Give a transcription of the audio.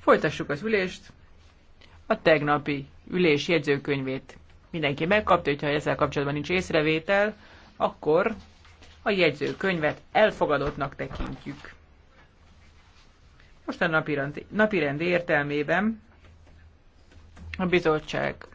Folytassuk az ülést. A tegnapi ülés jegyzőkönyvét mindenki megkapta, hogyha ezzel kapcsolatban nincs észrevétel, akkor a jegyzőkönyvet elfogadottnak tekintjük. Most a napirendi, napirend értelmében a bizottság